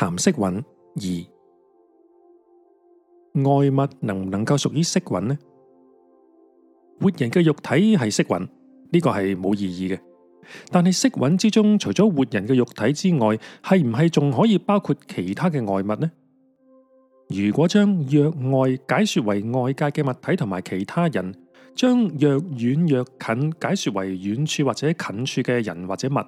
談色蘊，二，外物能唔能夠屬於色蘊呢？活人嘅肉體係色蘊，呢個係冇意義嘅。但係色蘊之中，除咗活人嘅肉體之外，係唔係仲可以包括其他嘅外物呢？如果將若外解說為外界嘅物體同埋其他人。將若遠若近解說為遠處或者近處嘅人或者物，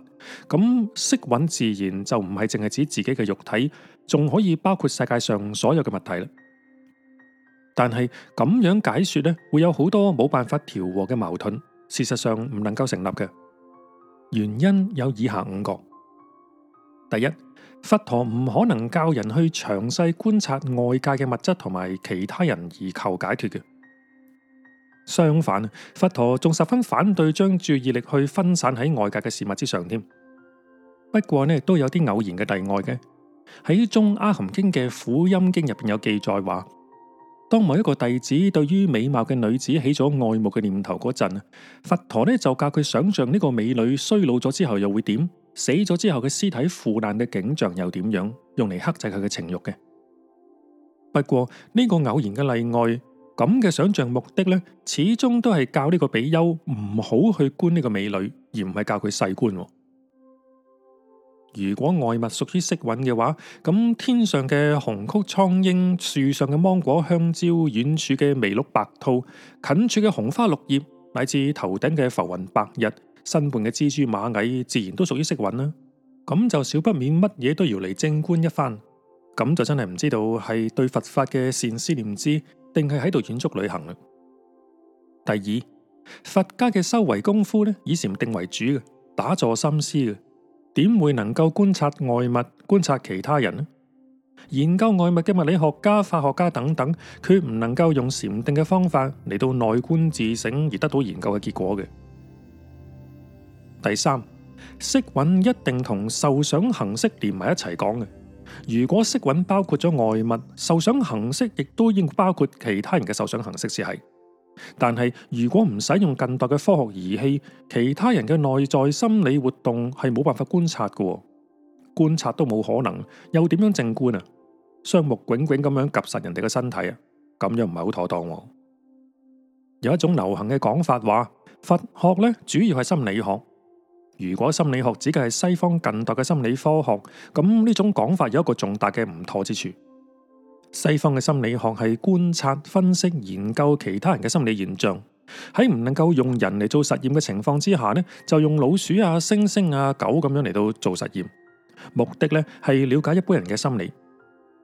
咁色蘊自然就唔係淨係指自己嘅肉體，仲可以包括世界上所有嘅物體啦。但係咁樣解說咧，會有好多冇辦法調和嘅矛盾，事實上唔能夠成立嘅。原因有以下五個：第一，佛陀唔可能教人去詳細觀察外界嘅物質同埋其他人而求解脫嘅。相反，佛陀仲十分反對將注意力去分散喺外界嘅事物之上添。不過呢，都有啲偶然嘅例外嘅。喺中阿含經嘅苦陰經入邊有記載話，當某一個弟子對於美貌嘅女子起咗愛慕嘅念頭嗰陣，佛陀呢就教佢想象呢個美女衰老咗之後又會點，死咗之後嘅屍體腐爛嘅景象又點樣，用嚟克制佢嘅情欲嘅。不過呢個偶然嘅例外。咁嘅想象目的呢，始終都係教呢個比丘唔好去觀呢個美女，而唔係教佢細觀。如果外物屬於色蘊嘅話，咁天上嘅紅曲蒼鷹、樹上嘅芒果香蕉、遠處嘅微鹿白兔、近處嘅紅花綠葉，乃至頭頂嘅浮雲白日、身畔嘅蜘蛛螞蟻，自然都屬於色蘊啦。咁就少不免乜嘢都要嚟正觀一番，咁就真係唔知道係對佛法嘅善思念知。定係喺度遠足旅行啦。第二，佛家嘅修為功夫呢，以禪定為主嘅，打坐心思嘅，點會能夠觀察外物、觀察其他人呢？研究外物嘅物理學家、化學家等等，佢唔能夠用禪定嘅方法嚟到內觀自省而得到研究嘅結果嘅。第三，色蘊一定同受想行識連埋一齊講嘅。如果色蘊包括咗外物，受想行識亦都應包括其他人嘅受想行識先係。但係如果唔使用，用近代嘅科學儀器，其他人嘅內在心理活動係冇辦法觀察嘅，哦，觀察都冇可能，又點樣正觀啊？雙目炯炯咁樣夾實人哋嘅身體啊，咁樣唔係好妥當。有一種流行嘅講法話，佛學呢主要係心理學。如果心理學指嘅係西方近代嘅心理科學，咁呢種講法有一個重大嘅唔妥之處。西方嘅心理學係觀察、分析、研究其他人嘅心理現象，喺唔能夠用人嚟做實驗嘅情況之下，呢就用老鼠啊、猩猩啊、狗咁樣嚟到做實驗，目的呢係了解一般人嘅心理。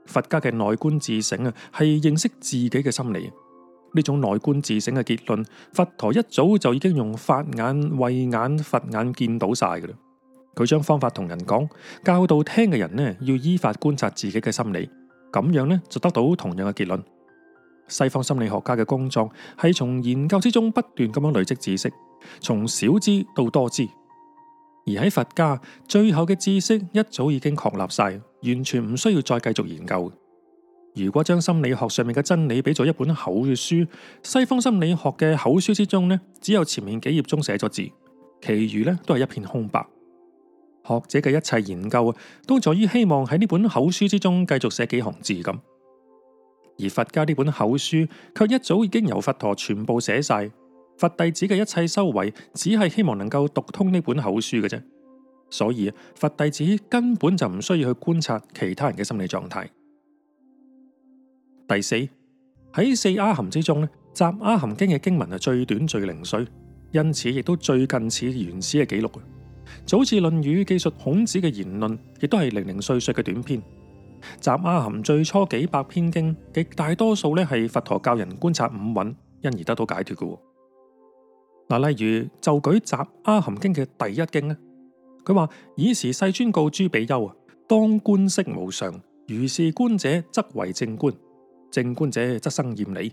佛家嘅內觀自省啊，係認識自己嘅心理。呢種內觀自省嘅結論，佛陀一早就已經用法眼、慧眼、佛眼見到晒㗎啦。佢將方法同人講，教導聽嘅人呢，要依法觀察自己嘅心理，咁樣呢就得到同樣嘅結論。西方心理學家嘅工作係從研究之中不斷咁樣累積知識，從少知到多知，而喺佛家，最後嘅知識一早已經確立晒，完全唔需要再繼續研究。如果將心理學上面嘅真理比作一本口嘅書，西方心理學嘅口書之中呢，只有前面幾頁中寫咗字，其餘呢都係一片空白。學者嘅一切研究啊，都在於希望喺呢本口書之中繼續寫幾行字咁。而佛家呢本口書卻一早已經由佛陀全部寫晒，佛弟子嘅一切修為只係希望能夠讀通呢本口書嘅啫。所以佛弟子根本就唔需要去觀察其他人嘅心理狀態。第四，喺四阿含之中咧，雜阿含經嘅經文係最短最零碎，因此亦都最近似原始嘅記錄。早治論語記述孔子嘅言論，亦都係零零碎碎嘅短篇。雜阿含最初幾百篇經，極大多數咧，係佛陀教人觀察五蘊，因而得到解脱嘅。嗱，例如就舉雜阿含經嘅第一經咧，佢話：以時世尊告諸比丘啊，當觀色無常，如是觀者，則為正觀。正觀者則生厭離，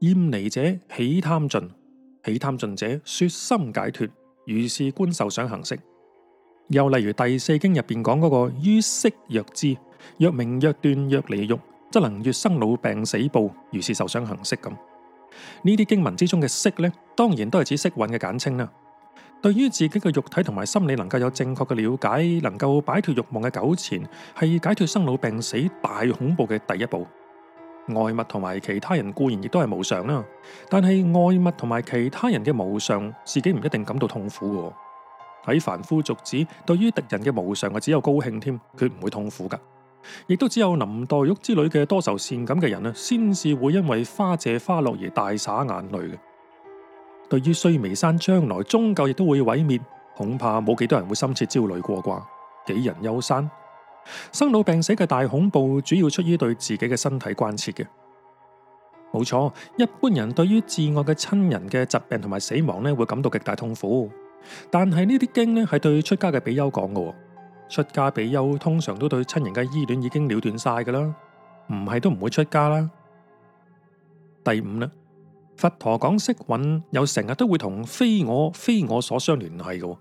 厭離者喜貪盡，喜貪盡者說心解脫。如是觀受想行識。又例如第四經入邊講嗰個於色若知若明若斷若離欲，則能越生老病死怖。如是受想行識咁。呢啲經文之中嘅色呢，當然都係指色蘊嘅簡稱啦。對於自己嘅肉體同埋心理能夠有正確嘅了解，能夠擺脫欲望嘅糾纏，係解脫生老病死大恐怖嘅第一步。外物同埋其他人固然亦都係無常啦，但係外物同埋其他人嘅無常，自己唔一定感到痛苦喎。喺凡夫俗子，對於敵人嘅無常啊，只有高興添，決唔會痛苦噶。亦都只有林黛玉之類嘅多愁善感嘅人啊，先至會因為花謝花落而大灑眼淚嘅。對於須彌山將來終究亦都會毀滅，恐怕冇幾多人會深切焦慮過啩。杞人憂山？生老病死嘅大恐怖，主要出於對自己嘅身體關切嘅。冇錯，一般人對於摯我嘅親人嘅疾病同埋死亡呢，會感到極大痛苦。但係呢啲經呢，係對出家嘅比丘講嘅。出家比丘通常都對親人嘅依戀已經了斷晒㗎啦，唔係都唔會出家啦。第五呢，佛陀講色蘊又成日都會同非我非我所相聯繫嘅，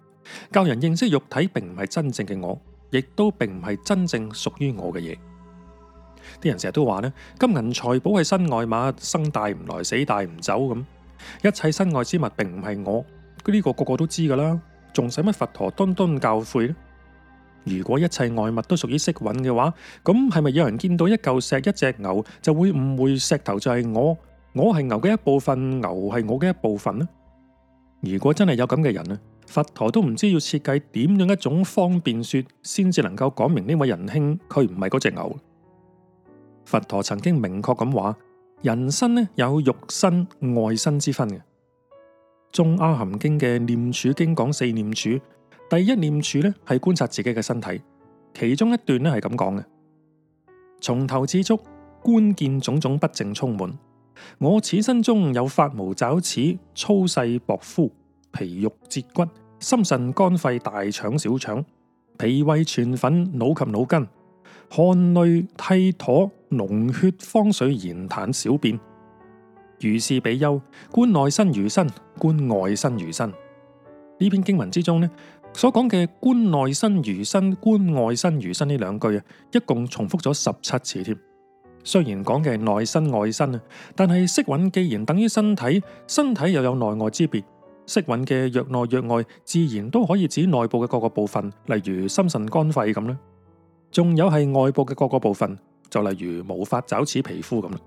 教人認識肉體並唔係真正嘅我。亦都並唔係真正屬於我嘅嘢。啲人成日都話呢，金銀財寶係身外物，生帶唔來，死帶唔走咁。一切身外之物並唔係我，呢個個個都知噶啦，仲使乜佛陀敦敦教誨呢？如果一切外物都屬於色蘊嘅話，咁係咪有人見到一嚿石、一隻牛，就會誤會石頭就係我，我係牛嘅一部分，牛係我嘅一部分呢？如果真係有咁嘅人呢？佛陀都唔知要設計點樣一種方便說，先至能夠講明呢位仁兄佢唔係嗰隻牛。佛陀曾經明確咁話：人生呢有肉身、外身之分嘅。《中阿含經》嘅《念處經》講四念處，第一念處呢係觀察自己嘅身體。其中一段呢係咁講嘅：從頭至足，觀見種種不淨充滿。我此身中有髮毛爪齒、粗細薄膚、皮肉節骨。心腎肝肺大腸小腸，脾胃全粉腦及腦筋，汗淚涕唾，膿血方水言痰小便。如是比丘，觀內身如身，觀外身如身。呢篇經文之中呢，所講嘅觀內身如身，觀外身如身呢兩句啊，一共重復咗十七次添。雖然講嘅係內身外身啊，但係色蘊既然等於身體，身體又有內外之別。色蘊嘅若內若外，自然都可以指內部嘅各個部分，例如心腎、肝肺咁啦。仲有係外部嘅各個部分，就例如毛髮、爪齒、皮膚咁啦。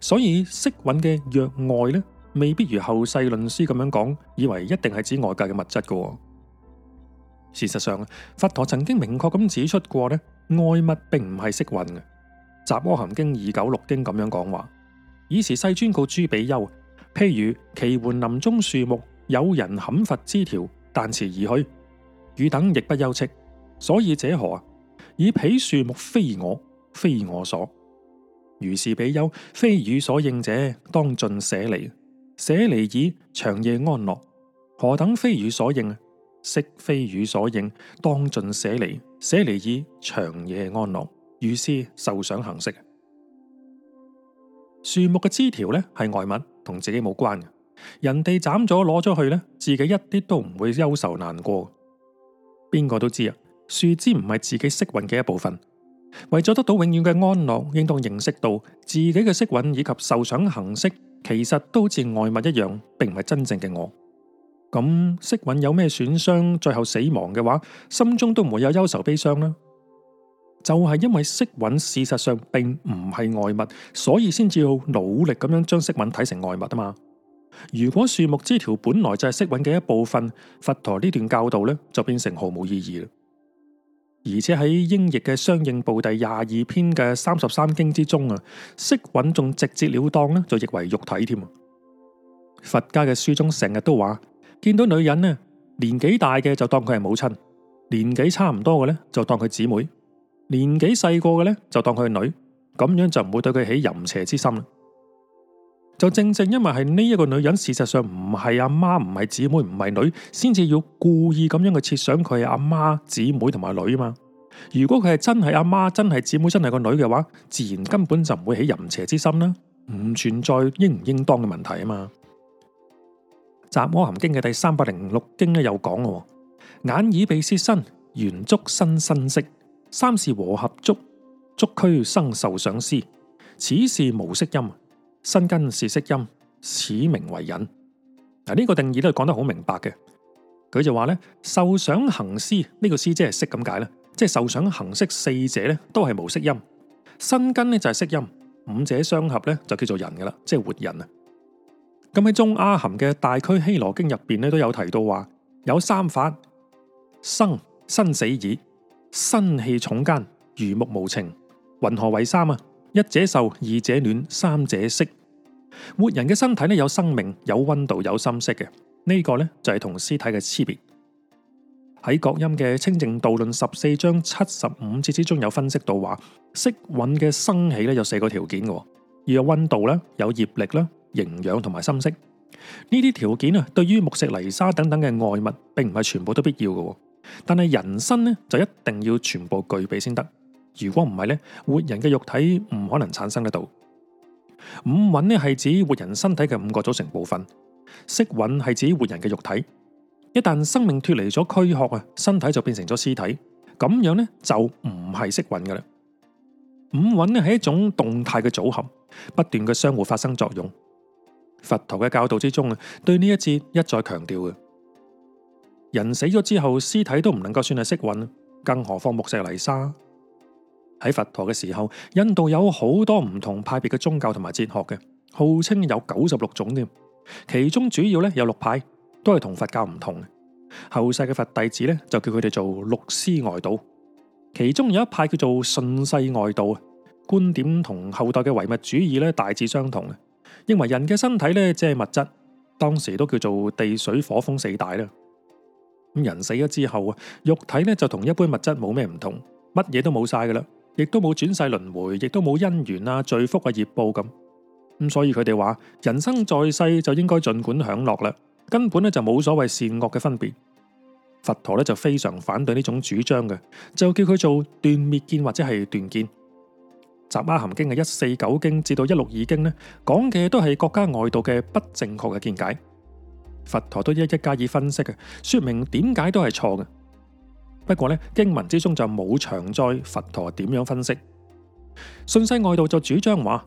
所以色蘊嘅若外咧，未必如後世論師咁樣講，以為一定係指外界嘅物質噶。事實上，佛陀曾經明確咁指出過咧，外物並唔係色蘊嘅。《雜阿含經》二九六經咁樣講話。一時世尊告諸比丘，譬如祇桓林中樹木。有人砍伐枝條，但辭而去，汝等亦不憂戚，所以者何？啊，以彼樹木非我，非我所。如是比丘，非汝所應者，當盡捨離，捨離以長夜安樂。何等非汝所應？色非汝所應，當盡捨離，捨離以長夜安樂。如是受想行識，樹木嘅枝條呢，係外物，同自己冇關嘅。人哋斬咗攞咗去呢，自己一啲都唔會憂愁難過。邊個都知啊，樹枝唔係自己色蘊嘅一部分。為咗得到永遠嘅安樂，應當認識到自己嘅色蘊以及受想行識其實都好似外物一樣，並唔係真正嘅我。咁、嗯、色蘊有咩損傷，最後死亡嘅話，心中都唔會有憂愁悲傷啦。就係、是、因為色蘊事實上並唔係外物，所以先至要努力咁樣將色蘊睇成外物啊嘛。如果樹木枝條本來就係色蘊嘅一部分，佛陀呢段教導咧就變成毫無意義啦。而且喺英譯嘅相應部第廿二篇嘅三十三經之中啊，色蘊仲直接了當咧就譯為肉體添。佛家嘅書中成日都話，見到女人呢，年紀大嘅就當佢係母親，年紀差唔多嘅咧就當佢姊妹，年紀細個嘅咧就當佢女，咁樣就唔會對佢起淫邪之心啦。就正正因為係呢一個女人，事實上唔係阿媽，唔係姊妹，唔係女，先至要故意咁樣去設想佢係阿媽、姊妹同埋女啊嘛。如果佢係真係阿媽、真係姊妹、真係個女嘅話，自然根本就唔會起淫邪之心啦，唔存在應唔應當嘅問題啊嘛。《雜阿含經》嘅第三百零六經咧有講嘅，眼耳鼻舌身，緣足身身色，三事和合足，足區生受想思，此事無色音。身根是色陰，此名為人。嗱、這、呢個定義都係講得好明白嘅。佢就話呢，受想行，這個，識思呢個思即係識咁解啦，即係受想行識四者咧都係無色陰。身根呢就係色陰，五者相合呢就叫做人噶啦，即係活人啊。咁喺中阿含嘅大拘絺羅經入邊咧都有提到話，有三法生生死已，身棄塚間，如木無情，云何為三啊？一者壽，二者暖，三者色。活人嘅身體呢有生命、有溫度、有心色嘅。呢、這個呢就係同屍體嘅差別。喺國音嘅《清淨道論》十四章七十五節之中有分析到話，色蘊嘅生起呢有四個條件嘅，要有溫度啦、有業力啦、營養同埋心色。呢啲條件啊，對於木石泥沙等等嘅外物，並唔係全部都必要嘅，但係人身呢就一定要全部具備先得。如果唔係咧，活人嘅肉體唔可能產生得到。五蘊咧係指活人身體嘅五個組成部分。色蘊係指活人嘅肉體，一旦生命脫離咗軀殼啊，身體就變成咗屍體，咁樣呢，就唔係色蘊噶啦。五蘊咧係一種動態嘅組合，不斷嘅相互發生作用。佛陀嘅教導之中啊，對呢一節一再強調嘅。人死咗之後，屍體都唔能夠算係色蘊，更何況木石泥沙。喺佛陀嘅時候，印度有好多唔同派別嘅宗教同埋哲學嘅，號稱有九十六種添。其中主要咧有六派，都係同佛教唔同嘅。後世嘅佛弟子咧就叫佢哋做六師外道。其中有一派叫做順世外道，觀點同後代嘅唯物主義咧大致相同，認為人嘅身體咧即係物質，當時都叫做地水火風四大啦。咁人死咗之後啊，肉體咧就同一般物質冇咩唔同，乜嘢都冇晒噶啦。亦都冇轉世輪回，亦都冇因緣啊、罪福啊、業報咁。咁所以佢哋話人生在世就應該盡管享樂啦，根本咧就冇所謂善惡嘅分別。佛陀咧就非常反對呢種主張嘅，就叫佢做斷滅見或者係斷見。《雜阿含經》嘅一四九經至到一六二經呢，講嘅都係國家外道嘅不正確嘅見解，佛陀都一一加以分析嘅，說明點解都係錯嘅。不過咧經文之中就冇詳載佛陀點樣分析。信世外道就主張話：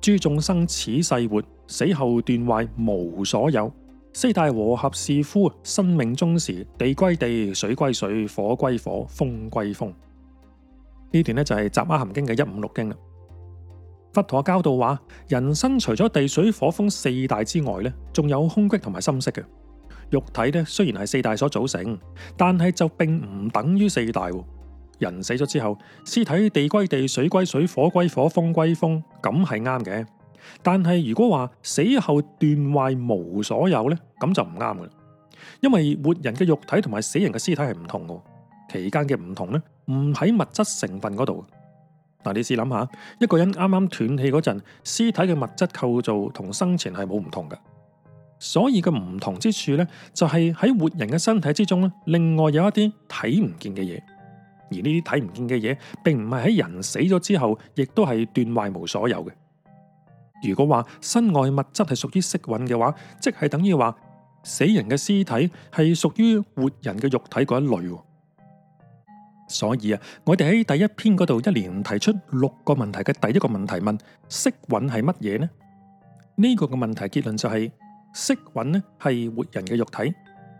諸眾生此世活，死後斷壞無所有。四大和合是夫，生命終時，地歸地，水歸水，火歸火，風歸風。呢段呢就係、是《雜阿含經》嘅一五六經。佛陀教導話：人身除咗地水火風四大之外呢，仲有空隙同埋心識嘅。肉體咧雖然係四大所組成，但係就並唔等於四大。人死咗之後，屍體地歸地、水歸水、火歸火、風歸風，咁係啱嘅。但係如果話死後斷壞無所有呢，咁就唔啱嘅，因為活人嘅肉體同埋死人嘅屍體係唔同嘅。期間嘅唔同呢，唔喺物質成分嗰度。嗱，你試諗下，一個人啱啱斷氣嗰陣，屍體嘅物質構造同生前係冇唔同嘅。所以嘅唔同之處呢，就係、是、喺活人嘅身體之中呢，另外有一啲睇唔見嘅嘢，而呢啲睇唔見嘅嘢，並唔係喺人死咗之後，亦都係斷壞無所有嘅。如果話身外物質係屬於色蘊嘅話，即係等於話死人嘅屍體係屬於活人嘅肉體嗰一類。所以啊，我哋喺第一篇嗰度一連提出六個問題嘅第一個問題問，問色蘊係乜嘢呢？呢、這個嘅問題結論就係、是。色蘊呢係活人嘅肉體，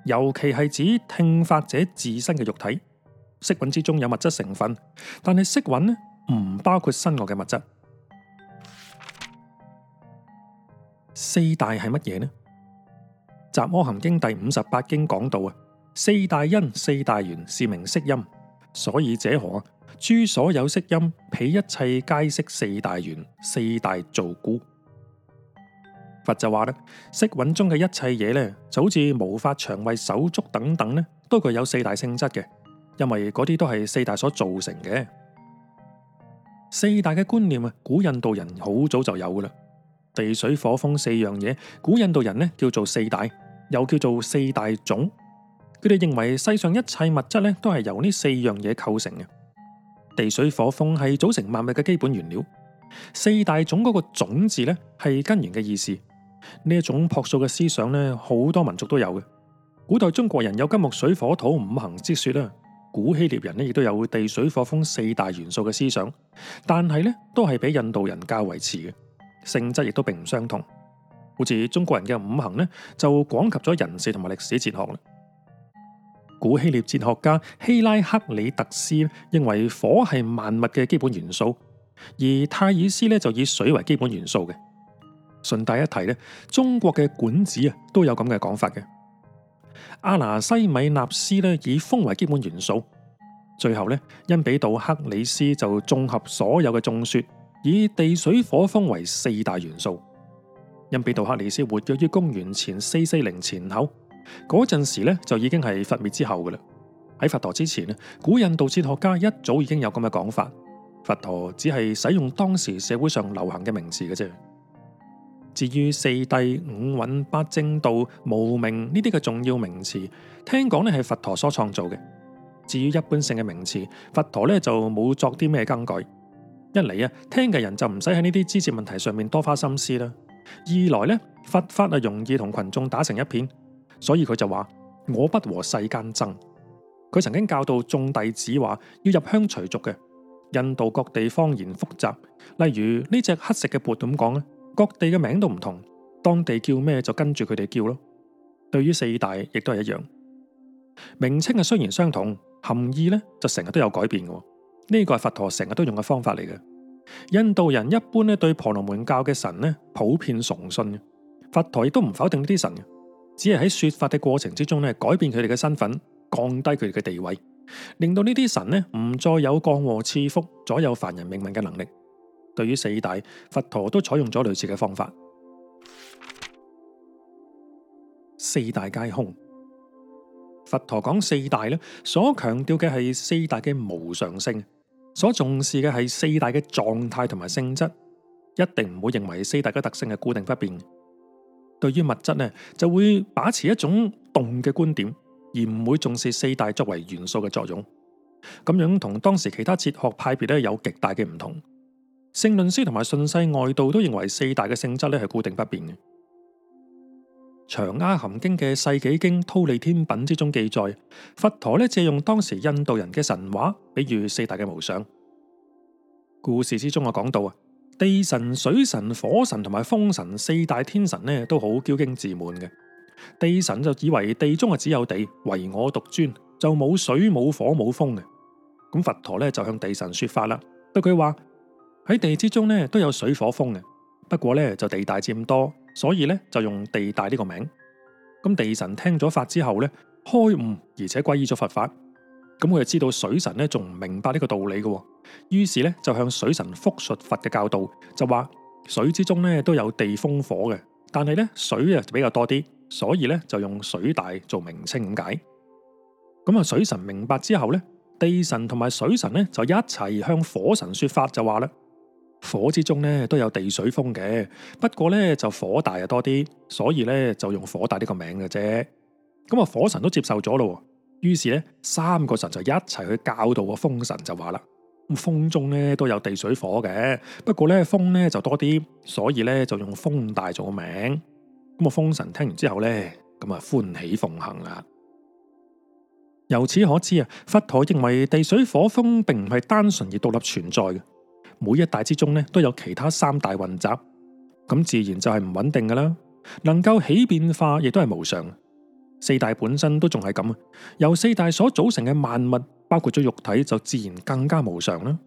尤其係指聽法者自身嘅肉體。色蘊之中有物質成分，但係色蘊呢唔包括身外嘅物質。四大係乜嘢呢？《雜阿含經》第五十八經講到啊，四大因、四大緣是名色陰，所以者何？諸所有色陰，彼一切皆色四大緣，四大造故。佛就話咧，色蘊中嘅一切嘢咧，就好似毛髮腸胃、手足等等咧，都具有四大性質嘅。因為嗰啲都係四大所造成嘅。四大嘅觀念啊，古印度人好早就有噶啦。地水火風四樣嘢，古印度人咧叫做四大，又叫做四大種。佢哋認為世上一切物質咧，都係由呢四樣嘢構成嘅。地水火風係組成萬物嘅基本原料。四大種嗰個種字咧，係根源嘅意思。呢一種樸素嘅思想咧，好多民族都有嘅。古代中國人有金木水火土五行之說啦，古希臘人咧亦都有地水火風四大元素嘅思想，但係咧都係比印度人較為遲嘅性質，亦都並唔相同。好似中國人嘅五行咧，就廣及咗人事同埋歷史哲學啦。古希臘哲學家希拉克里特斯認為火係萬物嘅基本元素，而泰爾斯咧就以水為基本元素嘅。順帶一提咧，中國嘅管子啊都有咁嘅講法嘅。阿拿西米納斯咧以風為基本元素，最後咧因比道克里斯就綜合所有嘅眾說，以地水火風為四大元素。因比道克里斯活躍於公元前四四零前後，嗰陣時咧就已經係佛滅之後㗎喇。喺佛陀之前啊，古印度哲學家一早已經有咁嘅講法，佛陀只係使用當時社會上流行嘅名字嘅啫。至於四諦、五蘊、八正道、無明呢啲嘅重要名詞，聽講咧係佛陀所創造嘅。至於一般性嘅名詞，佛陀咧就冇作啲咩更改。一嚟啊，聽嘅人就唔使喺呢啲知識問題上面多花心思啦。二來咧，佛法啊容易同群眾打成一片，所以佢就話：我不和世間爭。佢曾經教導眾弟子話：要入鄉隨俗嘅。印度各地方言複雜，例如呢隻黑色嘅缽點講咧？各地嘅名都唔同，當地叫咩就跟住佢哋叫咯。對於四大亦都係一樣，名稱啊雖然相同，含義咧就成日都有改變嘅。呢個係佛陀成日都用嘅方法嚟嘅。印度人一般咧對婆羅門教嘅神咧普遍崇信嘅，佛陀亦都唔否定呢啲神嘅，只係喺說法嘅過程之中咧改變佢哋嘅身份，降低佢哋嘅地位，令到呢啲神咧唔再有降禍、賜福、左右凡人命運嘅能力。對於四大，佛陀都採用咗類似嘅方法。四大皆空，佛陀講四大咧，所強調嘅係四大嘅無常性，所重視嘅係四大嘅狀態同埋性質，一定唔會認為四大嘅特性係固定不變。對於物質呢，就會把持一種動嘅觀點，而唔會重視四大作為元素嘅作用。咁樣同當時其他哲學派別咧有極大嘅唔同。聖論師同埋順世外道都認為四大嘅性質咧係固定不變嘅。長阿含經嘅世紀經、忉利天品之中記載，佛陀咧借用當時印度人嘅神話，比喻四大嘅無相。故事之中，我講到啊，地神、水神、火神同埋風神四大天神咧都好驕矜自滿嘅。地神就以為地中啊只有地，唯我獨尊，就冇水、冇火、冇風嘅。咁佛陀咧就向地神說法啦，對佢話。喺地之中呢都有水火風嘅，不過呢就地大佔多，所以呢就用地大呢個名。咁地神聽咗法之後呢開悟，而且皈依咗佛法。咁佢就知道水神呢仲唔明白呢個道理嘅，哦，於是呢就向水神復述佛嘅教導，就話水之中呢都有地風火嘅，但係呢水啊就比較多啲，所以呢就用水大做名稱咁解。咁，嗯，啊水神明白之後呢，地神同埋水神呢就一齊向火神說法就說，就話啦。火之中咧都有地水風嘅，不過咧就火大就多啲，所以咧就用火大呢個名嘅啫。咁啊，火神都接受咗咯，於是咧三個神就一齊去教導個風神就，就話啦：咁風中咧都有地水火嘅，不過咧風咧就多啲，所以咧就用風大做個名。咁啊，風神聽完之後咧，咁啊歡喜奉行啦。由此可知啊，佛陀認為地水火風並唔係單純而獨立存在嘅。每一大之中咧，都有其他三大混雜，咁自然就係唔穩定噶啦，能夠起變化，亦都係無常。四大本身都仲係咁，由四大所組成嘅萬物，包括咗肉體，就自然更加無常啦。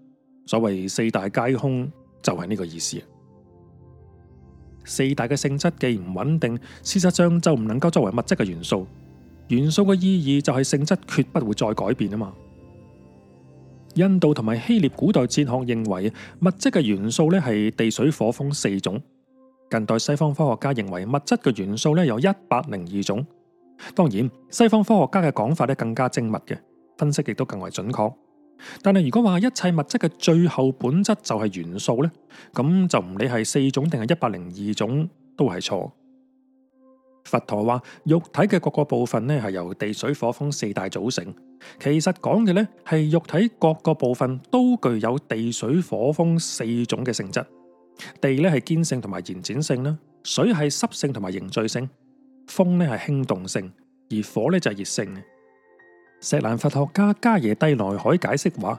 所謂四大皆空，就係呢個意思啊。四大嘅性質既唔穩定，事實上就唔能夠作為物質嘅元素。元素嘅意義就係性質決不會再改變啊嘛。印度同埋希臘古代哲學認為物質嘅元素咧係地水火風四種。近代西方科學家認為物質嘅元素咧有一百零二種。當然，西方科學家嘅講法咧更加精密嘅，分析亦都更為準確。但係如果話一切物質嘅最後本質就係元素咧，咁就唔理係四種定係一百零二種都係錯。佛陀話，肉體嘅各個部分咧係由地水火風四大組成。其實講嘅呢係肉體各個部分都具有地、水、火、風四種嘅性質。地呢係堅性同埋延展性啦，水係濕性同埋凝聚性，風呢係輕動性，而火呢就係熱性嘅。錫蘭佛學家加耶蒂內海解釋話，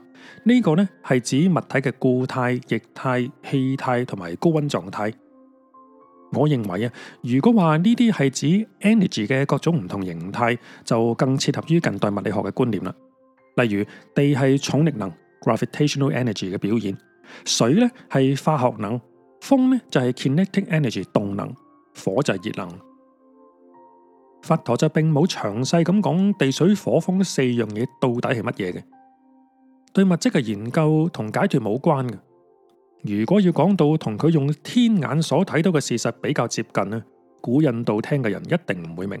呢、呢個呢係指物體嘅固態、液態、氣態同埋高温狀態。我認為啊，如果話呢啲係指 energy 嘅各種唔同形態，就更切合於近代物理學嘅觀念啦。例如地係重力能 （gravitational energy） 嘅表現，水咧係化學能，風咧就係、是、kinetic energy 動能，火就係熱能。佛陀就並冇詳細咁講地水火風四樣嘢到底係乜嘢嘅，對物質嘅研究同解脱冇關嘅。如果要講到同佢用天眼所睇到嘅事實比較接近咧，古印度聽嘅人一定唔會明，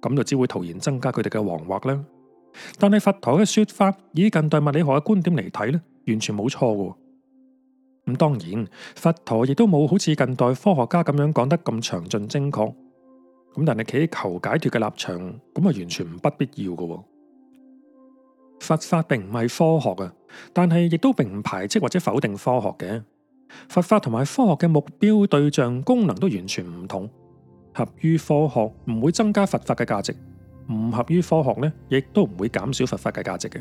咁就只會徒然增加佢哋嘅惶惑咧。但係佛陀嘅說法以近代物理學嘅觀點嚟睇咧，完全冇錯嘅。咁當然，佛陀亦都冇好似近代科學家咁樣講得咁詳盡精確。咁但係企喺求解脱嘅立場，咁啊完全唔不必要嘅。佛法並唔係科學啊，但係亦都並唔排斥或者否定科學嘅。佛法同埋科學嘅目標、對象、功能都完全唔同，合於科學唔會增加佛法嘅價值，唔合於科學呢亦都唔會減少佛法嘅價值嘅。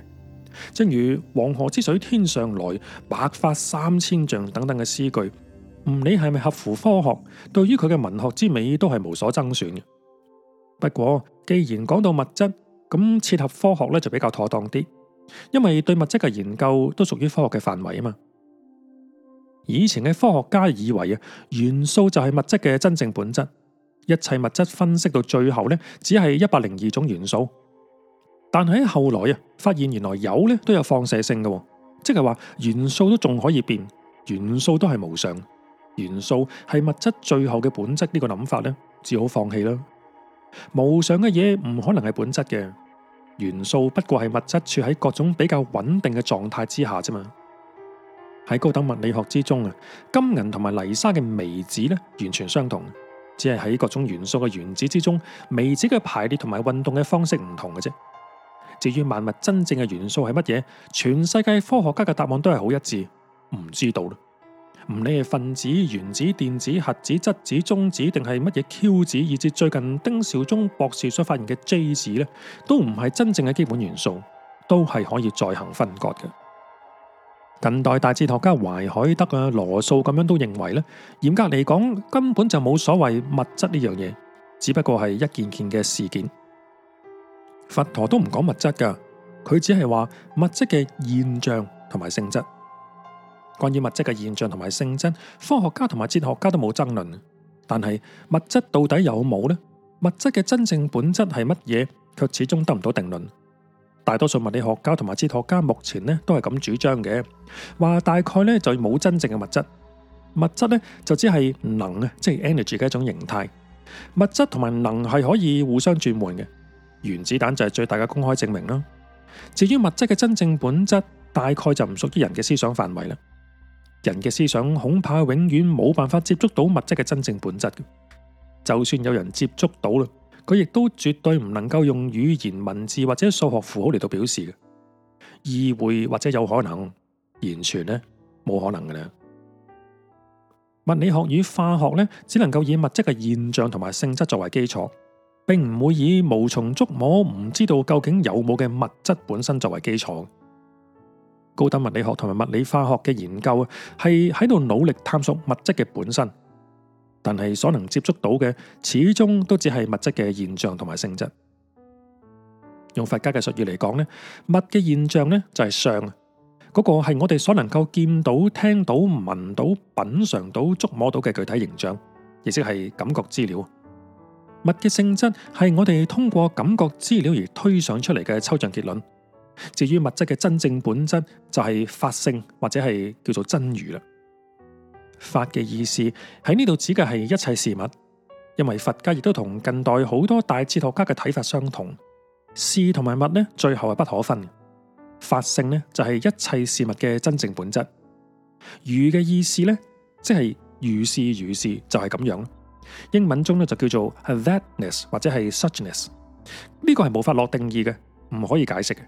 正如黃河之水天上來，白髮三千丈等等嘅詩句，唔理係咪合乎科學，對於佢嘅文學之美都係無所爭選嘅。不過，既然講到物質，咁切合科學呢就比較妥當啲，因為對物質嘅研究都屬於科學嘅範圍啊嘛。以前嘅科學家以為啊，元素就係物質嘅真正本質，一切物質分析到最後呢只係一百零二種元素。但係喺後來啊，發現原來鈾都有放射性嘅，即係話元素都仲可以變，元素都係無常，元素係物質最後嘅本質呢個諗法呢只好放棄啦。無常嘅嘢唔可能係本質嘅，元素不過係物質處喺各種比較穩定嘅狀態之下啫嘛。喺高等物理學之中啊，金銀同埋泥沙嘅微子咧，完全相同，只係喺各種元素嘅原子之中，微子嘅排列同埋運動嘅方式唔同嘅啫。至於萬物真正嘅元素係乜嘢，全世界科學家嘅答案都係好一致，唔知道啦。唔理係分子、原子、電子、核子、質子、中子定係乜嘢 Q 子，以至最近丁肇中博士所發現嘅 J 子咧，都唔係真正嘅基本元素，都係可以再行分割嘅。近代大哲學家懷海德啊、羅素咁樣都認為咧，嚴格嚟講根本就冇所謂物質呢樣嘢，只不過係一件件嘅事件。佛陀都唔講物質噶，佢只係話物質嘅現象同埋性質。關於物質嘅現象同埋性質，科學家同埋哲學家都冇爭論。但係物質到底有冇呢？物質嘅真正本質係乜嘢，卻始終得唔到定論。大多數物理學家同埋哲學家目前咧都係咁主張嘅，話大概咧就冇真正嘅物質，物質咧就只係能啊，即係 energy 嘅一種形態。物質同埋能係可以互相轉換嘅，原子彈就係最大嘅公開證明啦。至於物質嘅真正本質，大概就唔屬於人嘅思想範圍啦。人嘅思想恐怕永遠冇辦法接觸到物質嘅真正本質，就算有人接觸到啦。佢亦都絕對唔能夠用語言文字或者數學符號嚟到表示嘅，意會或者有可能，完全呢冇可能嘅啦。物理學與化學呢，只能夠以物質嘅現象同埋性質作為基礎，並唔會以無從捉摸、唔知道究竟有冇嘅物質本身作為基礎。高等物理學同埋物理化學嘅研究係喺度努力探索物質嘅本身。但係所能接觸到嘅，始終都只係物質嘅現象同埋性質。用佛家嘅術語嚟講呢，物嘅現象呢，就係相，嗰個係我哋所能夠見到、聽到、聞到、品嘗到、觸摸到嘅具體形象，亦即係感覺資料。物嘅性質係我哋通過感覺資料而推想出嚟嘅抽象結論。至於物質嘅真正本質，就係法性或者係叫做真如啦。法嘅意思喺呢度指嘅係一切事物，因為佛家亦都同近代好多大哲學家嘅睇法相同，事同埋物呢，最後係不可分。法性呢，就係一切事物嘅真正本質。如嘅意思呢，即係如是如是，就係咁樣，英文中呢就叫做 thatness 或者係 suchness，呢個係冇法落定義嘅，唔可以解釋嘅，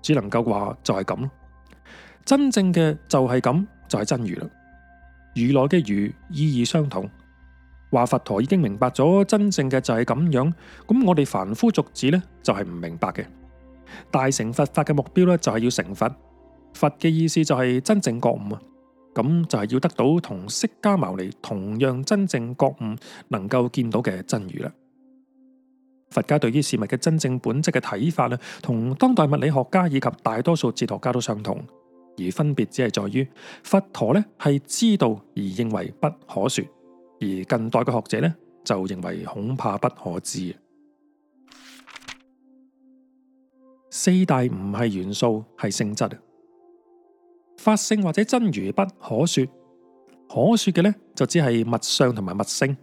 只能夠話就係咁。真正嘅就係咁，就係真如啦。如來嘅如意義相同，話佛陀已經明白咗真正嘅就係咁樣，咁我哋凡夫俗子呢，就係唔明白嘅。大乘佛法嘅目標呢，就係要成佛，佛嘅意思就係真正覺悟啊，咁就係要得到同釋迦牟尼同樣真正覺悟能夠見到嘅真如啦。佛家對於事物嘅真正本質嘅睇法呢，同當代物理學家以及大多數哲學家都相同。而分別只係在於，佛陀咧係知道而認為不可說，而近代嘅學者咧就認為恐怕不可知。四大唔係元素，係性質啊。法性或者真如不可說，可說嘅呢，就只係物相同埋物性，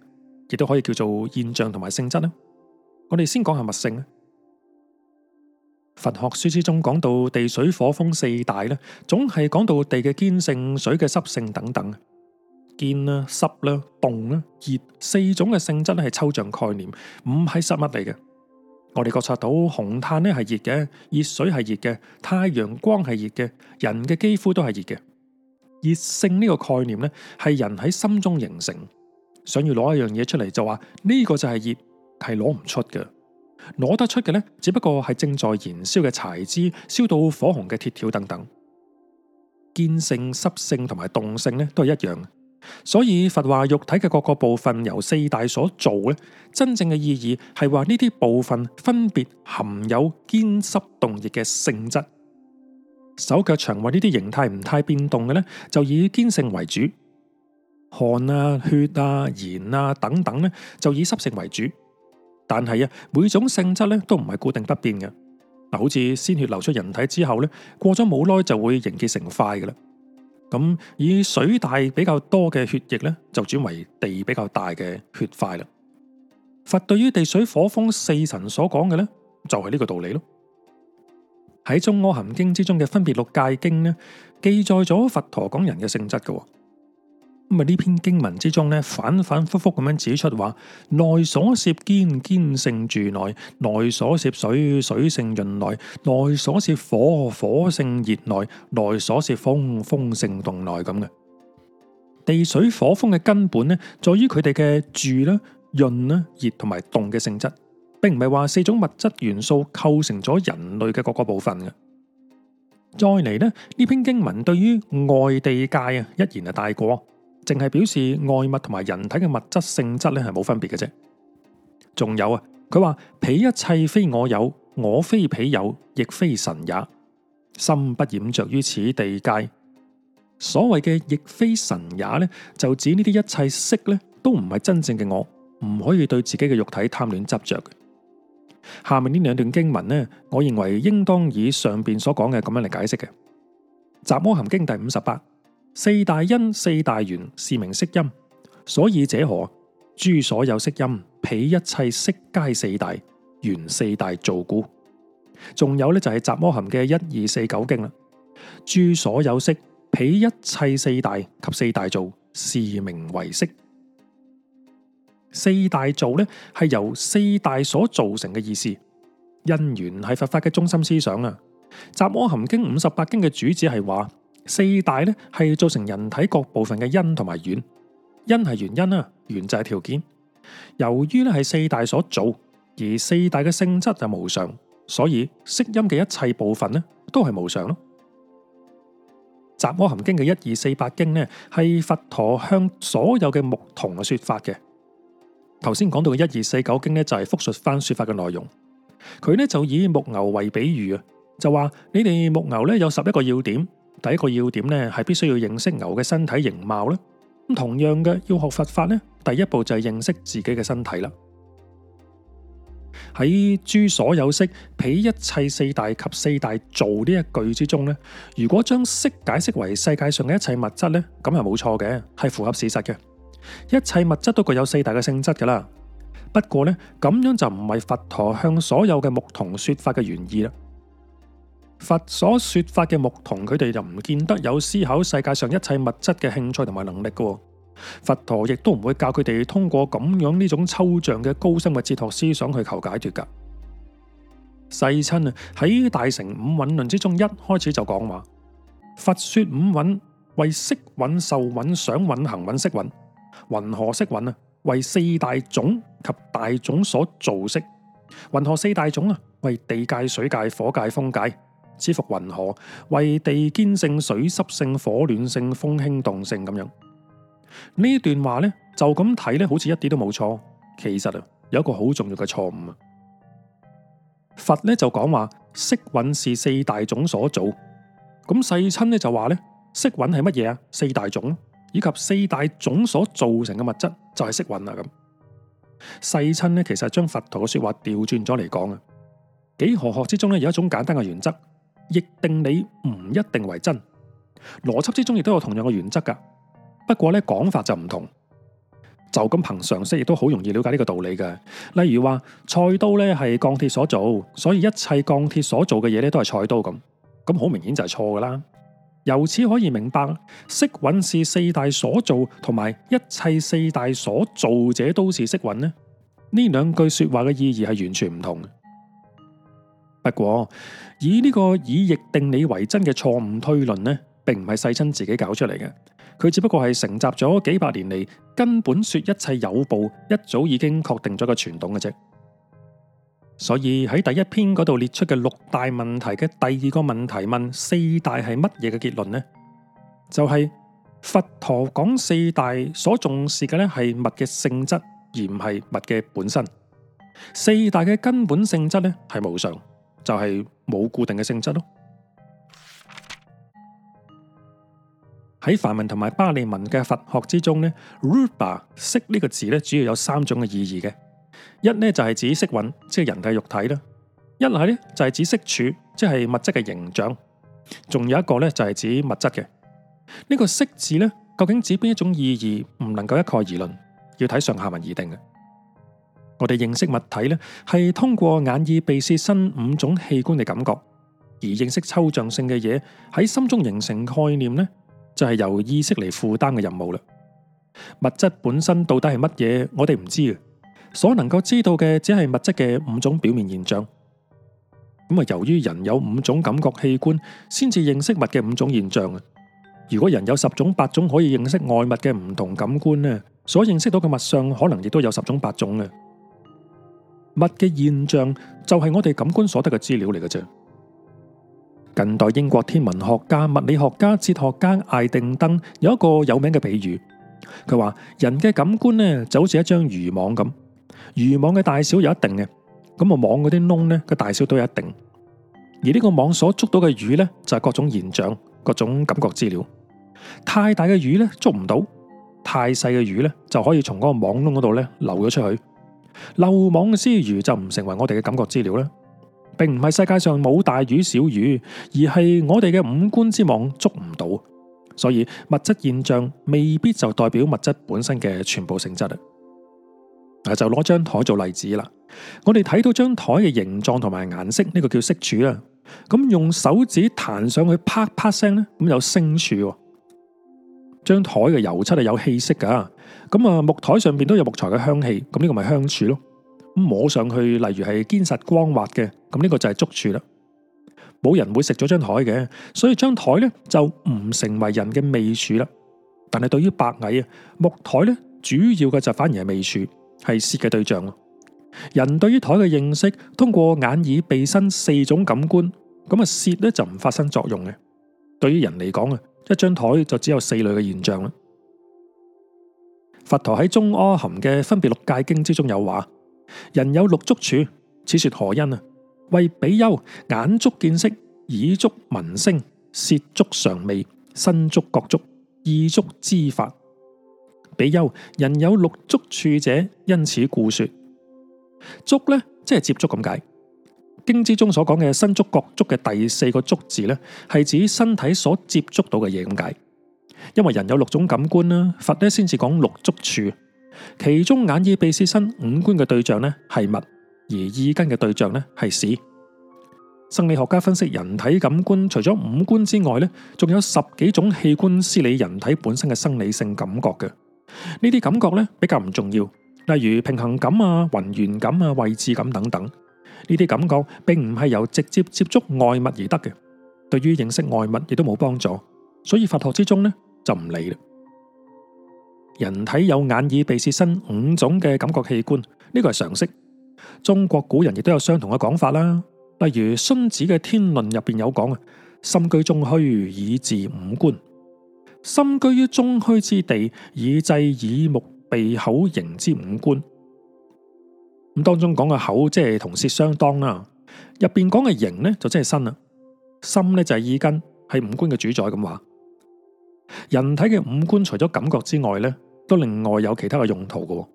亦都可以叫做現象同埋性質啦。我哋先講下物性啊。佛學書之中講到地水火風四大咧，總係講到地嘅堅性、水嘅濕性等等堅啊，堅啦、啊、濕啦、啊、凍啦、熱四種嘅性質咧係抽象概念，唔係實物嚟嘅。我哋覺察到紅炭咧係熱嘅，熱水係熱嘅，太陽光係熱嘅，人嘅肌膚都係熱嘅。熱性呢個概念咧係人喺心中形成，想要攞一樣嘢出嚟就話呢、這個就係熱，係攞唔出嘅。攞得出嘅呢，只不過係正在燃燒嘅柴枝，燒到火紅嘅鐵條等等。堅性、濕性同埋動性呢，都係一樣。所以佛話肉體嘅各個部分由四大所造呢，真正嘅意義係話呢啲部分分別含有堅、濕、動、液嘅性質。手腳、腸胃呢啲形態唔太變動嘅呢，就以堅性為主；汗啊、血啊、鹽啊等等呢，就以濕性為主。但係啊，每種性質咧都唔係固定不變嘅。嗱，好似鮮血流出人體之後咧，過咗冇耐就會凝結成塊嘅啦。咁以水大比較多嘅血液咧，就轉為地比較大嘅血塊啦。佛對於地水火風四神所講嘅咧，就係呢個道理咯。喺《中阿含經》之中嘅《分別六界經》咧，記載咗佛陀講人嘅性質嘅。咁啊！呢篇經文之中呢，反反復復咁樣指出話：內所攝堅，堅性住內；內所攝水，水性潤內；內所攝火，火性熱內；內所攝風，風性動內。咁嘅地水火風嘅根本呢，在於佢哋嘅住啦、潤啦、熱同埋動嘅性質，並唔係話四種物質元素構成咗人類嘅各個部分嘅。再嚟呢，呢篇經文對於外地界啊，一言就大過。淨係表示外物同埋人體嘅物質性質咧係冇分別嘅啫。仲有啊，佢話彼一切非我有，我非彼，彼有，亦非神也。心不染着於此地界。所謂嘅亦非神也呢，就指呢啲一切色呢都唔係真正嘅我，唔可以對自己嘅肉體貪戀執着嘅。下面呢兩段經文呢，我認為應當以上邊所講嘅咁樣嚟解釋嘅，《雜阿含經》第五十八。四大因四大緣是名色陰，所以者何？諸所有色陰，彼一切色皆四大緣四大造故。仲有咧就係《雜阿含》嘅一二四九經啦。諸所有色，彼一切四大及四大造是名為色。四大造咧係由四大所造成嘅意思。因緣係佛法嘅中心思想啊！《雜阿含經》五十八經嘅主旨係話。四大咧係造成人體各部分嘅因同埋緣，因係原因啊，緣就係條件。由於咧係四大所造，而四大嘅性質就無常，所以色蘊嘅一切部分呢都係無常咯。《雜阿含經》嘅一二四八經呢係佛陀向所有嘅牧童嘅說法嘅。頭先講到嘅一二四九經呢就係復述返說法嘅內容，佢呢就以牧牛為比喻啊，就話你哋牧牛咧有十一個要點。第一個要點咧，係必須要認識牛嘅身體形貌啦。咁同樣嘅要學佛法咧，第一步就係認識自己嘅身體啦。喺諸所有色彼一切四大及四大造呢一句之中咧，如果將色解釋為世界上嘅一切物質咧，咁係冇錯嘅，係符合事實嘅。一切物質都具有四大嘅性質噶啦。不過咧，咁樣就唔係佛陀向所有嘅牧童說法嘅原意啦。佛所說法嘅牧童，佢哋就唔見得有思考世界上一切物質嘅興趣同埋能力噶、哦。佛陀亦都唔會教佢哋通過咁樣呢種抽象嘅高深嘅哲學思想去求解脫噶。世親啊，喺《大乘五蘊論》之中一開始就講話：佛說五蘊為色蘊、受蘊、想蘊、行蘊、識蘊。云何色蘊啊？為四大種及大種所造色。云何四大種啊？為地界、水界、火界、風界。知覆云河為地堅性、水濕性、火暖性、風輕動性咁樣。呢段話呢，就咁睇呢，好似一啲都冇錯。其實啊，有一個好重要嘅錯誤啊！佛呢就講話色蘊是四大種所造，咁世親呢就話呢，色蘊係乜嘢啊？四大種以及四大種所造成嘅物質就係色蘊啊！咁世親呢，其實將佛陀嘅說話調轉咗嚟講啊！幾何學之中呢，有一種簡單嘅原則。逆定理唔一定為真，邏輯之中亦都有同樣嘅原則噶。不過咧，講法就唔同，就咁憑常識亦都好容易了解呢個道理嘅。例如話菜刀咧係鋼鐵所做，所以一切鋼鐵所做嘅嘢咧都係菜刀咁，咁好明顯就係錯噶啦。由此可以明白，色蘊是四大所做，同埋一切四大所做者都是色蘊呢？呢兩句說話嘅意義係完全唔同。不過以呢個以逆定理為真嘅錯誤推論呢，並唔係世親自己搞出嚟嘅，佢只不過係承襲咗幾百年嚟根本說一切有部一早已經確定咗個傳統嘅啫。所以喺第一篇嗰度列出嘅六大問題嘅第二個問題問，問四大係乜嘢嘅結論呢？就係、是、佛陀講四大所重視嘅呢係物嘅性質，而唔係物嘅本身。四大嘅根本性質呢，係無常。就係冇固定嘅性質咯。喺梵文同埋巴利文嘅佛學之中呢 rupa 色呢個字呢，主要有三種嘅意義嘅。一呢就係指色蘊，即係人嘅肉體啦；一係呢就係指色處，即係物質嘅形象；仲有一個呢就係指物質嘅。呢、這個色字呢，究竟指邊一種意義，唔能夠一概而論，要睇上下文而定嘅。我哋認識物體咧，係通過眼、耳、鼻、舌、身五種器官嘅感覺而認識，抽象性嘅嘢喺心中形成概念咧，就係由意識嚟負擔嘅任務啦。物質本身到底係乜嘢？我哋唔知啊，所能夠知道嘅只係物質嘅五種表面現象。咁啊，由於人有五種感覺器官，先至認識物嘅五種現象啊。如果人有十種、八種可以認識外物嘅唔同感官咧，所認識到嘅物相可能亦都有十種、八種嘅。物嘅現象就係我哋感官所得嘅資料嚟嘅啫。近代英國天文學家、物理學家、哲學家艾定登有一個有名嘅比喻，佢話人嘅感官呢就好似一張漁網咁，漁網嘅大小有一定嘅，咁啊網嗰啲窿呢，個大小都有一定，而呢個網所捉到嘅魚呢，就係各種現象、各種感覺資料。太大嘅魚呢捉唔到，太細嘅魚呢就可以從嗰個網窿嗰度呢流咗出去。漏網之魚就唔成為我哋嘅感覺資料啦。並唔係世界上冇大魚小魚，而係我哋嘅五官之網捉唔到，所以物質現象未必就代表物質本身嘅全部性質啊。嗱，就攞張台做例子啦，我哋睇到張台嘅形狀同埋顏色呢，這個叫色柱啊，咁用手指彈上去啪啪聲呢，咁有聲柱。張台嘅油漆係有氣息噶，咁啊木台上邊都有木材嘅香氣，咁呢個咪香處咯。咁摸上去，例如係堅實光滑嘅，咁呢個就係觸處啦。冇人會食咗張台嘅，所以張台咧就唔成為人嘅味處啦。但係對於白蟻啊，木台咧主要嘅就反而係味處，係舌嘅對象咯。人對於台嘅認識，通過眼、耳、鼻、身四種感官，咁啊舌咧就唔發生作用嘅。對於人嚟講啊。一張台就只有四類嘅現象啦。佛陀喺《中阿含》嘅《分別六界經》之中有話：人有六觸處，此說何因啊？為比丘眼觸見色，耳觸聞聲，舌觸嚐味，身觸覺觸，意觸知法。比丘人有六觸處者，因此故說觸呢，即係接觸咁解。經之中所講嘅身觸覺觸」嘅第四個觸」字呢，係指身體所接觸到嘅嘢，咁解。因為人有六種感官啦，佛呢先至講六觸處，其中眼耳鼻舌身五官嘅對象呢係物，而意根嘅對象呢係事。生理學家分析人體感官，除咗五官之外呢，仲有十幾種器官司理人體本身嘅生理性感覺嘅。呢啲感覺呢比較唔重要，例如平衡感啊、暈眩感啊、位置感等等。呢啲感覺並唔係由直接接觸外物而得嘅，對於認識外物亦都冇幫助，所以佛學之中呢就唔理啦。人體有眼耳鼻舌身五種嘅感覺器官，呢個係常識。中國古人亦都有相同嘅講法啦。例如荀子嘅《天論》入邊有講啊：心居中虛，以治五官；心居於中虛之地，以制耳目鼻口形之五官。咁當中講嘅口即係同舌相當啦、啊，入邊講嘅形咧就真係身啦，心咧就係、是、耳根，係五官嘅主宰。咁話，人體嘅五官除咗感覺之外咧，都另外有其他嘅用途嘅、啊。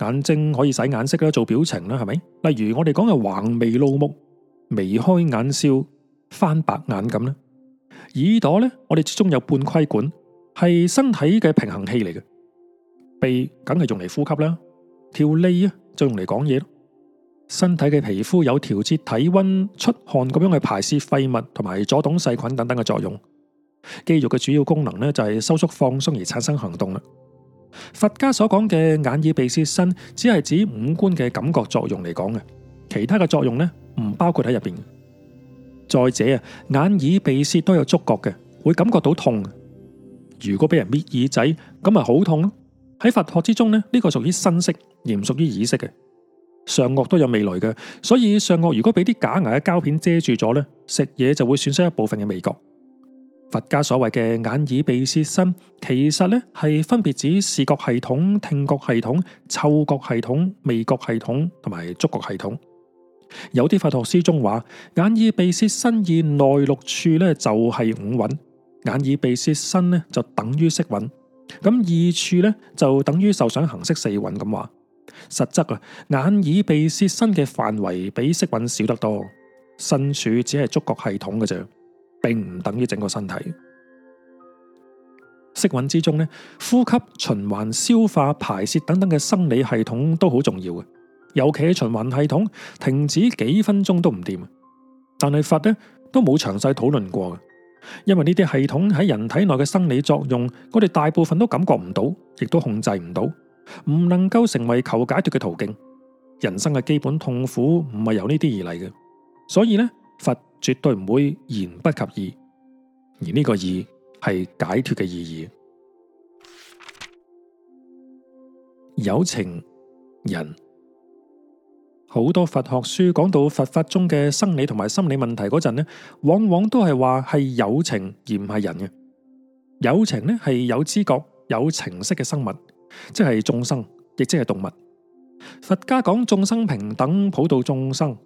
眼睛可以使眼色啦，做表情啦，係咪？例如我哋講嘅橫眉怒目、眉開眼笑、翻白眼咁啦。耳朵咧，我哋始終有半規管，係身體嘅平衡器嚟嘅。鼻梗係用嚟呼吸啦，條脷啊。就用嚟講嘢咯。身體嘅皮膚有調節體溫、出汗咁樣嘅排泄廢物同埋阻擋細菌等等嘅作用。肌肉嘅主要功能呢，就係收縮放鬆而產生行動啦。佛家所講嘅眼耳鼻舌身，只係指五官嘅感覺作用嚟講嘅，其他嘅作用呢，唔包括喺入邊。再者啊，眼耳鼻舌都有觸覺嘅，會感覺到痛。如果俾人搣耳仔，咁咪好痛咯。喺佛學之中呢，呢、這個屬於身識，而唔屬於意識嘅。上顎都有味蕾嘅，所以上顎如果俾啲假牙嘅膠片遮住咗呢，食嘢就會損失一部分嘅味覺。佛家所謂嘅眼耳鼻舌身，其實呢係分別指視覺系統、聽覺系統、嗅覺系統、味覺系統同埋觸覺系統。有啲佛學書中話，眼耳鼻舌身意內六處呢就係五蘊，眼耳鼻舌身呢就等於色蘊。咁二處咧就等於受想行識四蘊咁話，實質啊，眼耳鼻舌身嘅範圍比色蘊少得多，身處只係觸覺系統嘅啫，並唔等於整個身體。色蘊之中咧，呼吸、循環、消化、排泄等等嘅生理系統都好重要嘅，尤其係循環系統，停止幾分鐘都唔掂。但係佛咧都冇詳細討論過嘅。因為呢啲系統喺人體內嘅生理作用，我哋大部分都感覺唔到，亦都控制唔到，唔能夠成為求解脫嘅途徑。人生嘅基本痛苦唔係由呢啲而嚟嘅，所以呢，佛絕對唔會言不及義，而呢個義係解脫嘅意義。有 情人。好多佛學書講到佛法中嘅生理同埋心理問題嗰陣呢，往往都係話係友情而唔係人嘅友情。呢係有知覺有情識嘅生物，即係眾生，亦即係動物。佛家講眾生平等，普度眾生。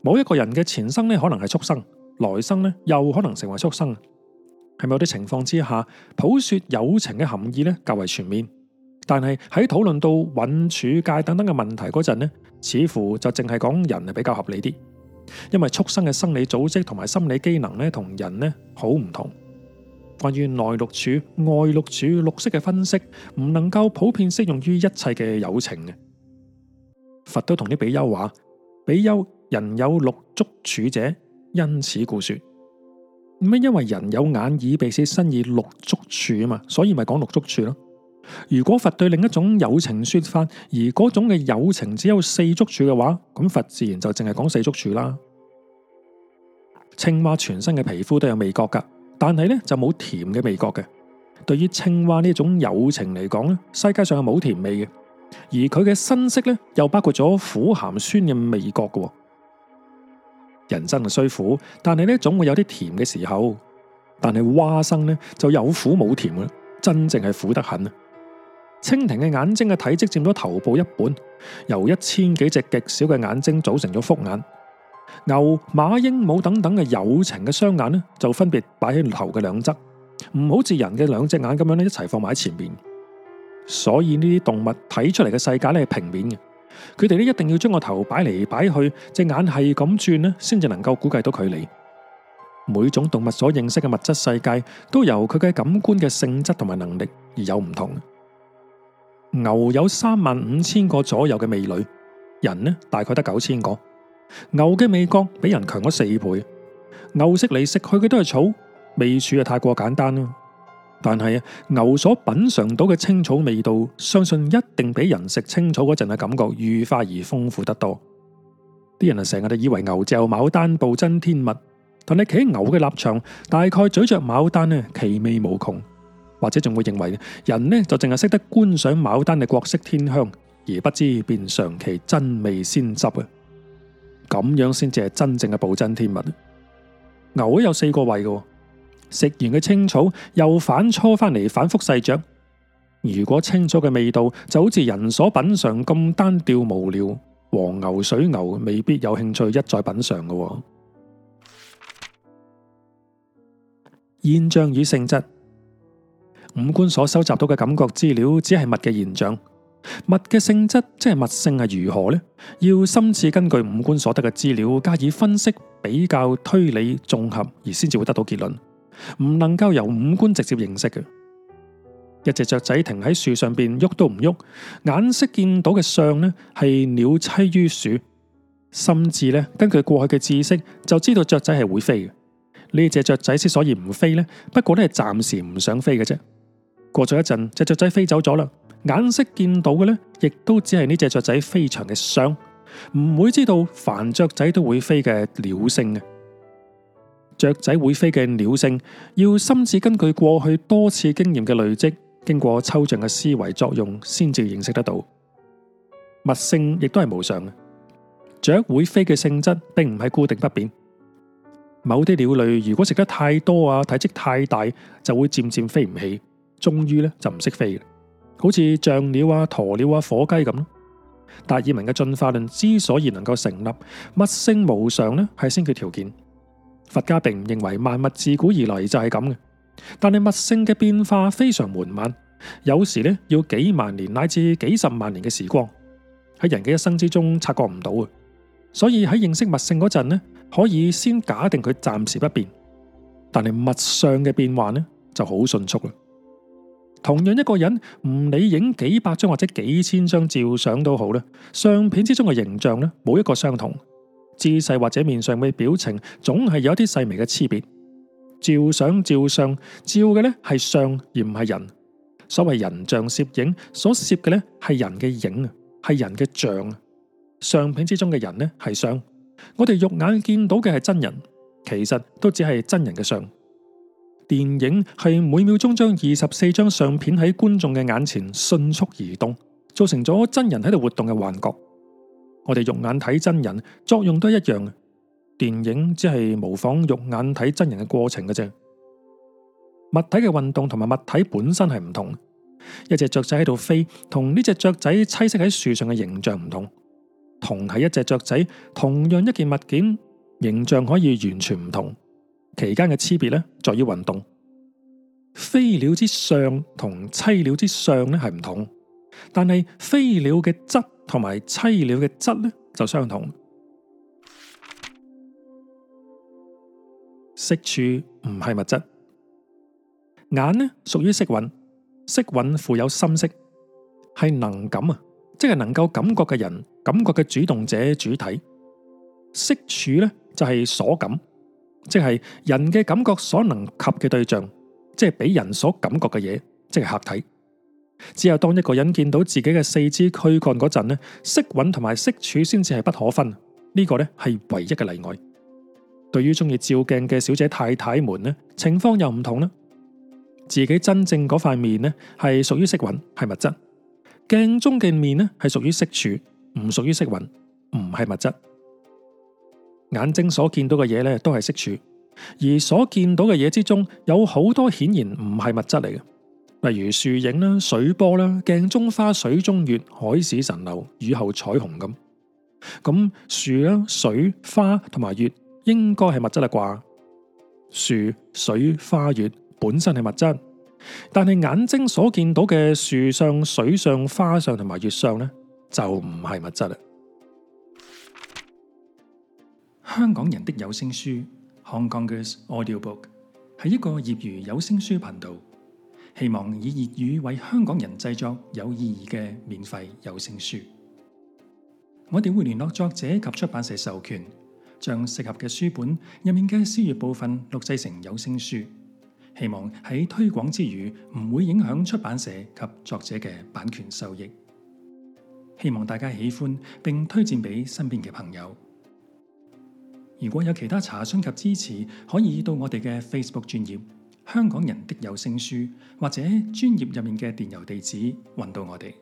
某一個人嘅前生呢，可能係畜生，來生呢，又可能成為畜生。係咪有啲情況之下，普說友情嘅含義呢較為全面？但係喺討論到蘊處界等等嘅問題嗰陣呢。似乎就淨係講人係比較合理啲，因為畜生嘅生理組織同埋心理機能呢，同人呢好唔同。關於內六處、外六處、六色嘅分析，唔能夠普遍適用於一切嘅有情嘅。佛都同啲比丘話：「比丘，人有六足處者，因此故說。咁啊，因為人有眼、耳、鼻、舌、身、意六足處啊嘛，所以咪講六足處咯。如果佛對另一種有情說法，而嗰種嘅有情只有四足處嘅話，咁佛自然就淨係講四足處啦。青蛙全身嘅皮膚都有味覺噶，但係咧就冇甜嘅味覺嘅。對於青蛙呢種有情嚟講咧，世界上係冇甜味嘅，而佢嘅身色咧又包括咗苦、鹹、酸嘅味覺嘅。人生係雖苦，但係咧總會有啲甜嘅時候，但係蛙生咧就有苦冇甜嘅，真正係苦得很啊！蜻蜓嘅眼睛嘅體積占咗頭部一半，由一千幾隻極小嘅眼睛組成咗複眼。牛、馬、鸚鵡等等嘅有情嘅雙眼呢，就分別擺喺頭嘅兩側，唔好似人嘅兩隻眼咁樣呢，一齊放埋喺前面。所以呢啲動物睇出嚟嘅世界呢係平面嘅。佢哋呢一定要將個頭擺嚟擺去，隻眼係咁轉呢，先至能夠估計到距離。每種動物所認識嘅物質世界都由佢嘅感官嘅性質同埋能力而有唔同。牛有三萬五千個左右嘅味蕾，人呢，大概得九千個。牛嘅味覺比人強咗四倍，牛食嚟食去嘅都係草，味處啊，太過簡單啦。但係牛所品嘗到嘅青草味道，相信一定比人食青草嗰陣嘅感覺愉快而豐富得多。啲人啊，成日都以為牛嚼牡丹、暴殄天物，但係企喺牛嘅立場，大概咀嚼牡丹呢，其味無窮。或者仲會認為人呢就淨係識得觀賞牡丹嘅國色天香，而不知辨嘗其真味鮮汁啊！咁樣先至係真正嘅暴殄天物。牛都有四個胃嘅，食完嘅青草又反芻翻嚟反覆細嚼。如果青草嘅味道就好似人所品嘗咁單調無聊，黃牛、水牛未必有興趣一再品嘗嘅。現象與性質。五官所收集到嘅感覺資料，只係物嘅現象。物嘅性質，即係物性，係如何呢？要心智根據五官所得嘅資料加以分析、比較、推理、綜合，而先至會得到結論，唔能夠由五官直接認識嘅。一隻雀仔停喺樹上邊，喐都唔喐，眼識見到嘅相呢係鳥棲於樹，心智呢根據過去嘅知識就知道雀仔係會飛嘅。呢隻雀仔之所以唔飛呢，不過呢都係暫時唔想飛嘅啫。過咗一陣，隻雀仔飛走咗啦。眼識見到嘅呢，亦都只係呢隻雀仔非常嘅相，唔會知道凡雀仔都會飛嘅鳥性嘅。雀仔會飛嘅鳥性，要深次根據過去多次經驗嘅累積，經過抽象嘅思維作用，先至認識得到。物性亦都係無常嘅，雀會飛嘅性質並唔係固定不變。某啲鳥類如果食得太多啊，體積太大，就會漸漸飛唔起。終於咧就唔識飛嘅，好似象鳥啊、鴕鳥啊、火雞咁咯。達爾文嘅進化論之所以能夠成立，物性無常呢係先決條件。佛家並唔認為萬物自古以來就係咁嘅，但係物性嘅變化非常緩慢，有時呢要幾萬年乃至幾十萬年嘅時光喺人嘅一生之中察覺唔到啊。所以喺認識物性嗰陣呢，可以先假定佢暫時不變，但係物相嘅變幻呢就好迅速啦。同樣一個人，唔理影幾百張或者幾千張照相都好啦，相片之中嘅形象咧，冇一個相同，姿勢或者面上嘅表情，總係有一啲細微嘅差別。照相照相照嘅咧係相而唔係人，所謂人像攝影所攝嘅咧係人嘅影啊，係人嘅像啊。相片之中嘅人咧係相，我哋肉眼見到嘅係真人，其實都只係真人嘅相。電影係每秒鐘將二十四張相片喺觀眾嘅眼前迅速移動，造成咗真人喺度活動嘅幻覺。我哋肉眼睇真人作用都一樣，電影只係模仿肉眼睇真人嘅過程嘅啫。物體嘅運動同埋物體本身係唔同，一隻雀仔喺度飛，同呢隻雀仔棲息喺樹上嘅形象唔同。同係一隻雀仔，同樣一件物件，形象可以完全唔同。其間嘅差別咧，在於運動。飛鳥之相同棲鳥之相咧係唔同，但係飛鳥嘅質同埋棲鳥嘅質咧就相同。色處唔係物質，眼呢屬於色蘊，色蘊富有深色，係能感啊，即係能夠感覺嘅人，感覺嘅主動者主體。色處呢，就係所感。即係人嘅感覺所能及嘅對象，即係俾人所感覺嘅嘢，即係客體。只有當一個人見到自己嘅四肢軀幹嗰陣呢，色蘊同埋色處先至係不可分。呢個呢係唯一嘅例外。對於中意照鏡嘅小姐太太們呢，情況又唔同啦。自己真正嗰塊面呢係屬於色蘊，係物質；鏡中嘅面呢係屬於色處，唔屬於色蘊，唔係物質。眼睛所見到嘅嘢咧，都係色處，而所見到嘅嘢之中，有好多顯然唔係物質嚟嘅，例如樹影啦、水波啦、鏡中花、水中月、海市蜃樓、雨後彩虹咁。咁、嗯、樹啦、水、花同埋月應該係物質啦啩？樹、水、花、月本身係物質，但係眼睛所見到嘅樹上、水上、花上同埋月相咧，就唔係物質啦。香港人的有聲書《Hong Kongers Audio Book》係一個業餘有聲書頻道，希望以粵語為香港人製作有意義嘅免費有聲書。我哋會聯絡作者及出版社授權，將適合嘅書本入面嘅書頁部分錄製成有聲書，希望喺推廣之餘唔會影響出版社及作者嘅版權收益。希望大家喜歡，並推薦俾身邊嘅朋友。如果有其他查詢及支持，可以到我哋嘅 Facebook 專頁《香港人的有聲書》，或者專頁入面嘅電郵地址揾到我哋。